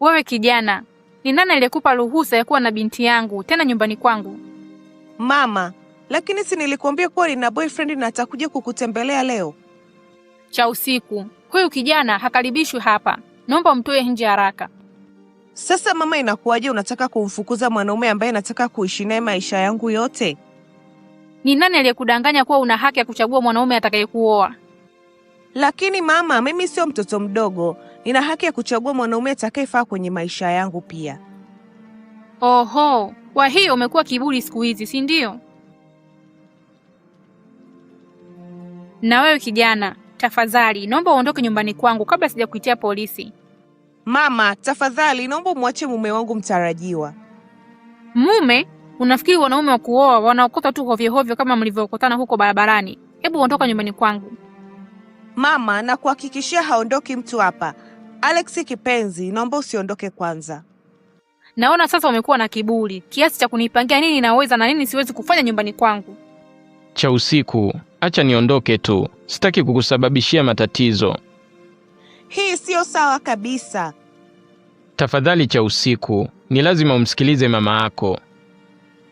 Wewe kijana, ni nani aliyekupa ruhusa ya kuwa na binti yangu tena nyumbani kwangu? Mama, lakini si nilikuambia kuwa nina boyfriend na atakuja kukutembelea leo cha usiku. Huyu kijana hakaribishwi hapa, naomba umtoe nje haraka. Sasa mama, inakuwaje unataka kumfukuza mwanaume ambaye nataka kuishi naye maisha yangu yote? Ni nani aliyekudanganya kuwa una haki ya kuchagua mwanaume atakayekuoa? Lakini mama, mimi sio mtoto mdogo Nina haki ya kuchagua mwanaume atakayefaa kwenye maisha yangu pia. Oho, kwa hiyo umekuwa kiburi siku hizi, si ndio? Na wewe kijana, tafadhali naomba uondoke nyumbani kwangu kabla sijakuitia polisi. Mama, tafadhali naomba umwache mume wangu mtarajiwa. Mume? Unafikiri wanaume wa kuoa wanaokota tu hovyohovyo kama mlivyokotana huko barabarani? Hebu ondoka nyumbani kwangu. Mama, nakuhakikishia haondoki mtu hapa. Alex kipenzi, naomba usiondoke kwanza. Naona sasa umekuwa na kiburi kiasi cha kunipangia nini naweza na nini siwezi kufanya nyumbani kwangu. Cha usiku, acha niondoke tu, sitaki kukusababishia matatizo. Hii siyo sawa kabisa. Tafadhali cha usiku, ni lazima umsikilize mama yako.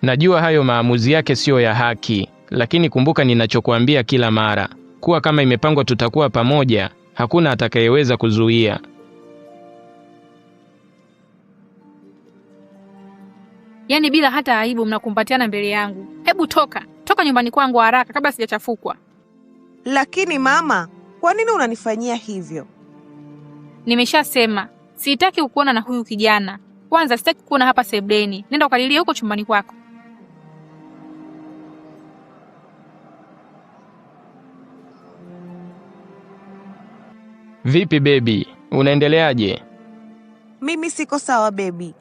Najua hayo maamuzi yake siyo ya haki, lakini kumbuka ninachokuambia kila mara, kuwa kama imepangwa tutakuwa pamoja, hakuna atakayeweza kuzuia. yaani bila hata aibu mnakumbatiana mbele yangu. Hebu toka toka nyumbani kwangu haraka kabla sijachafukwa. Lakini mama, kwa nini unanifanyia hivyo? Nimeshasema sitaki kukuona na huyu kijana. Kwanza sitaki kukuona hapa sebleni, nenda ukalilia huko chumbani kwako. Vipi bebi, unaendeleaje? Mimi siko sawa bebi,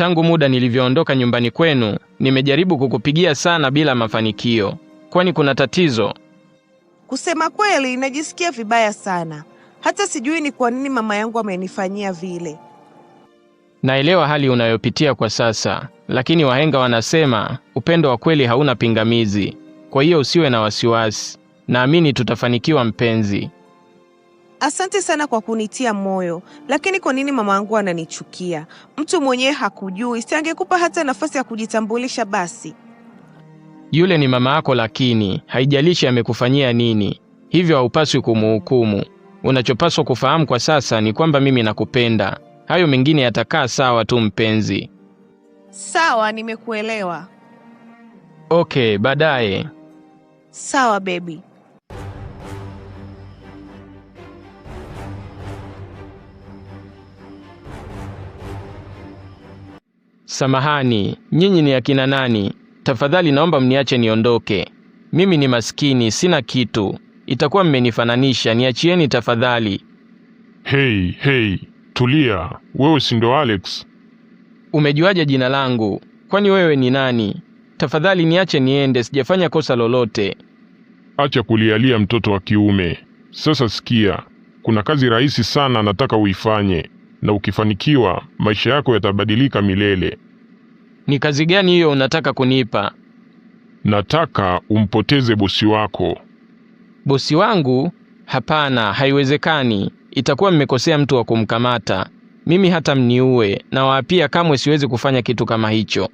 Tangu muda nilivyoondoka nyumbani kwenu, nimejaribu kukupigia sana bila mafanikio. Kwani kuna tatizo? Kusema kweli, najisikia vibaya sana. Hata sijui ni kwa nini mama yangu amenifanyia vile. Naelewa hali unayopitia kwa sasa, lakini wahenga wanasema upendo wa kweli hauna pingamizi. Kwa hiyo usiwe na wasiwasi, naamini tutafanikiwa mpenzi. Asante sana kwa kunitia moyo, lakini kwa nini mama yangu ananichukia? Mtu mwenyewe hakujui, si angekupa hata nafasi ya kujitambulisha basi? Yule ni mama yako, lakini haijalishi amekufanyia nini, hivyo haupaswi kumuhukumu. Unachopaswa kufahamu kwa sasa ni kwamba mimi nakupenda. Hayo mengine yatakaa sawa tu, mpenzi. Sawa, nimekuelewa. Okay, baadaye. Sawa, baby. Samahani, nyinyi ni akina nani? Tafadhali naomba mniache niondoke, mimi ni maskini, sina kitu, itakuwa mmenifananisha, niachieni tafadhali. Hei, hei, tulia, wewe si ndo Alex? Umejuaje jina langu? Kwani wewe ni nani? Tafadhali niache niende, sijafanya kosa lolote. Acha kulialia mtoto wa kiume. Sasa sikia, kuna kazi rahisi sana nataka uifanye na ukifanikiwa maisha yako yatabadilika milele. Ni kazi gani hiyo unataka kunipa? Nataka umpoteze bosi wako. Bosi wangu? Hapana, haiwezekani. Itakuwa mmekosea mtu wa kumkamata. Mimi hata mniue, nawaapia kamwe siwezi kufanya kitu kama hicho.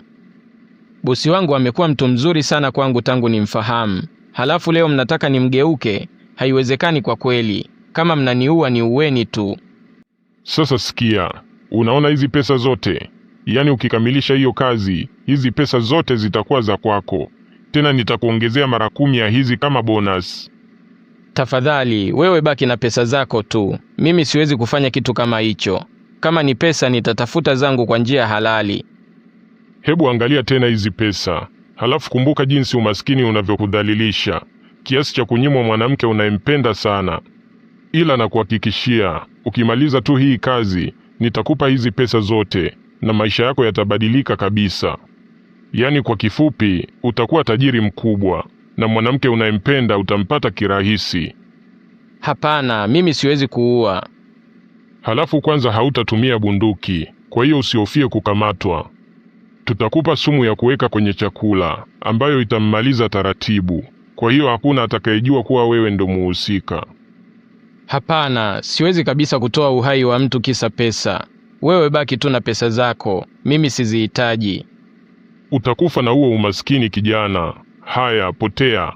Bosi wangu amekuwa mtu mzuri sana kwangu tangu nimfahamu, halafu leo mnataka nimgeuke? Haiwezekani kwa kweli. Kama mnaniua niueni tu. Sasa sikia, unaona hizi pesa zote, yaani ukikamilisha hiyo kazi, hizi pesa zote zitakuwa za kwako, tena nitakuongezea mara kumi ya hizi kama bonus. Tafadhali wewe baki na pesa zako tu, mimi siwezi kufanya kitu kama hicho. Kama ni pesa, nitatafuta zangu kwa njia halali. Hebu angalia tena hizi pesa, halafu kumbuka jinsi umaskini unavyokudhalilisha kiasi cha kunyimwa mwanamke unayempenda sana ila nakuhakikishia ukimaliza tu hii kazi nitakupa hizi pesa zote na maisha yako yatabadilika kabisa. Yaani kwa kifupi, utakuwa tajiri mkubwa na mwanamke unayempenda utampata kirahisi. Hapana, mimi siwezi kuua. Halafu kwanza hautatumia bunduki, kwa hiyo usihofie kukamatwa. Tutakupa sumu ya kuweka kwenye chakula ambayo itammaliza taratibu, kwa hiyo hakuna atakayejua kuwa wewe ndo muhusika. Hapana, siwezi kabisa kutoa uhai wa mtu kisa pesa. Wewe baki tu na pesa zako, mimi sizihitaji. Utakufa na huo umaskini kijana. Haya, potea.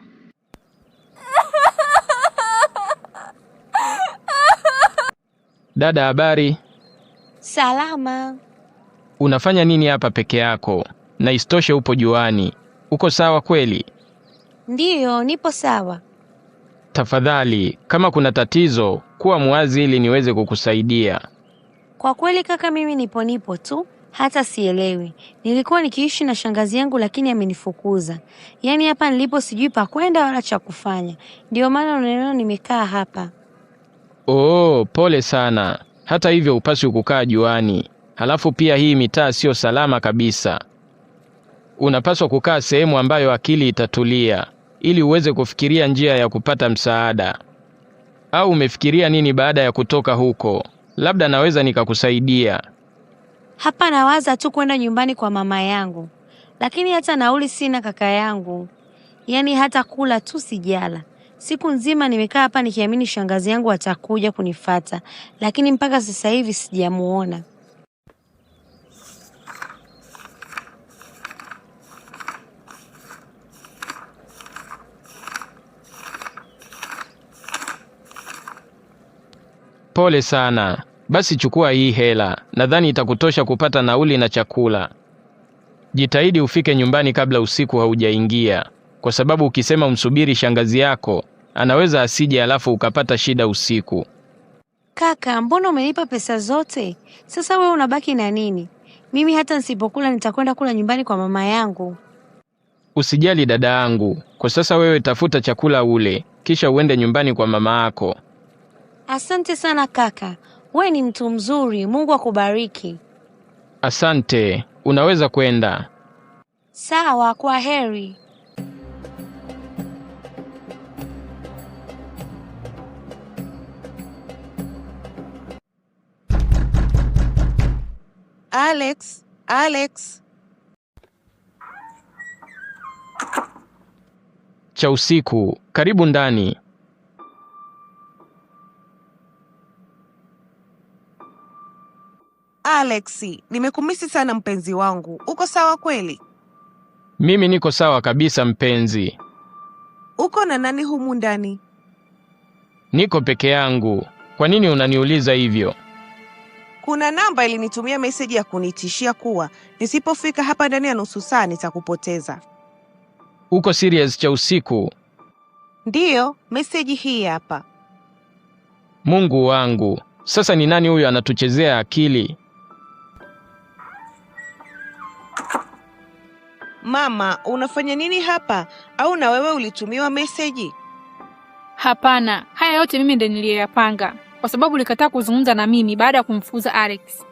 Dada, habari? Salama. Unafanya nini hapa peke yako? Na isitoshe upo juani. Uko sawa kweli? Ndiyo, nipo sawa. Tafadhali, kama kuna tatizo, kuwa mwazi ili niweze kukusaidia. Kwa kweli kaka, mimi nipo nipo tu, hata sielewi. Nilikuwa nikiishi na shangazi yangu, lakini amenifukuza. Yaani hapa nilipo sijui pa kwenda wala cha kufanya, ndio maana unaona nimekaa hapa. Oh, pole sana. Hata hivyo hupaswi kukaa juani, halafu pia hii mitaa siyo salama kabisa. Unapaswa kukaa sehemu ambayo akili itatulia ili uweze kufikiria njia ya kupata msaada. Au umefikiria nini baada ya kutoka huko? Labda naweza nikakusaidia. Hapa nawaza tu kwenda nyumbani kwa mama yangu, lakini hata nauli sina kaka yangu, yaani hata kula tu sijala. Siku nzima nimekaa hapa nikiamini shangazi yangu atakuja kunifata, lakini mpaka sasa hivi sijamuona. Pole sana. Basi chukua hii hela, nadhani itakutosha kupata nauli na chakula. Jitahidi ufike nyumbani kabla usiku haujaingia, kwa sababu ukisema umsubiri shangazi yako anaweza asije, alafu ukapata shida usiku. Kaka, mbona umenipa pesa zote? Sasa wewe unabaki na nini? Mimi hata nisipokula nitakwenda kula nyumbani kwa mama yangu. Usijali dada yangu, kwa sasa wewe tafuta chakula ule, kisha uende nyumbani kwa mama yako. Asante sana kaka, we ni mtu mzuri. Mungu akubariki. Asante, unaweza kwenda. Sawa, kwa heri. Alex, Alex. Cha usiku, karibu ndani. Alexi, nimekumisi sana mpenzi wangu. Uko sawa kweli? Mimi niko sawa kabisa mpenzi. Uko na nani humu ndani? Niko peke yangu. Kwa nini unaniuliza hivyo? Kuna namba ilinitumia meseji ya kunitishia kuwa nisipofika hapa ndani ya nusu saa nitakupoteza. Uko serious cha usiku? Ndiyo, meseji hii hapa. Mungu wangu, sasa ni nani huyo anatuchezea akili? mama, unafanya nini hapa? Au na wewe ulitumiwa meseji? Hapana, haya yote mimi ndiye niliyoyapanga, kwa sababu ulikataa kuzungumza na mimi baada ya kumfukuza Alex.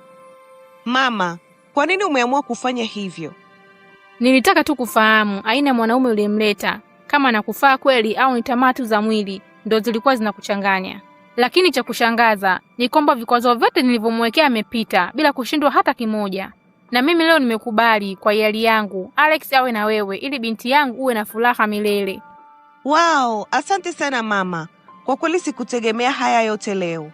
Mama, kwa nini umeamua kufanya hivyo? Nilitaka tu kufahamu aina ya mwanaume uliyemleta, kama nakufaa kweli au ni tamaa tu za mwili ndo zilikuwa zinakuchanganya. Lakini cha kushangaza ni kwamba vikwazo vyote nilivyomwekea amepita bila kushindwa hata kimoja na mimi leo nimekubali kwa hiari yangu Alex awe na wewe, ili binti yangu uwe na furaha milele. Wao, asante sana mama, kwa kweli sikutegemea haya yote leo.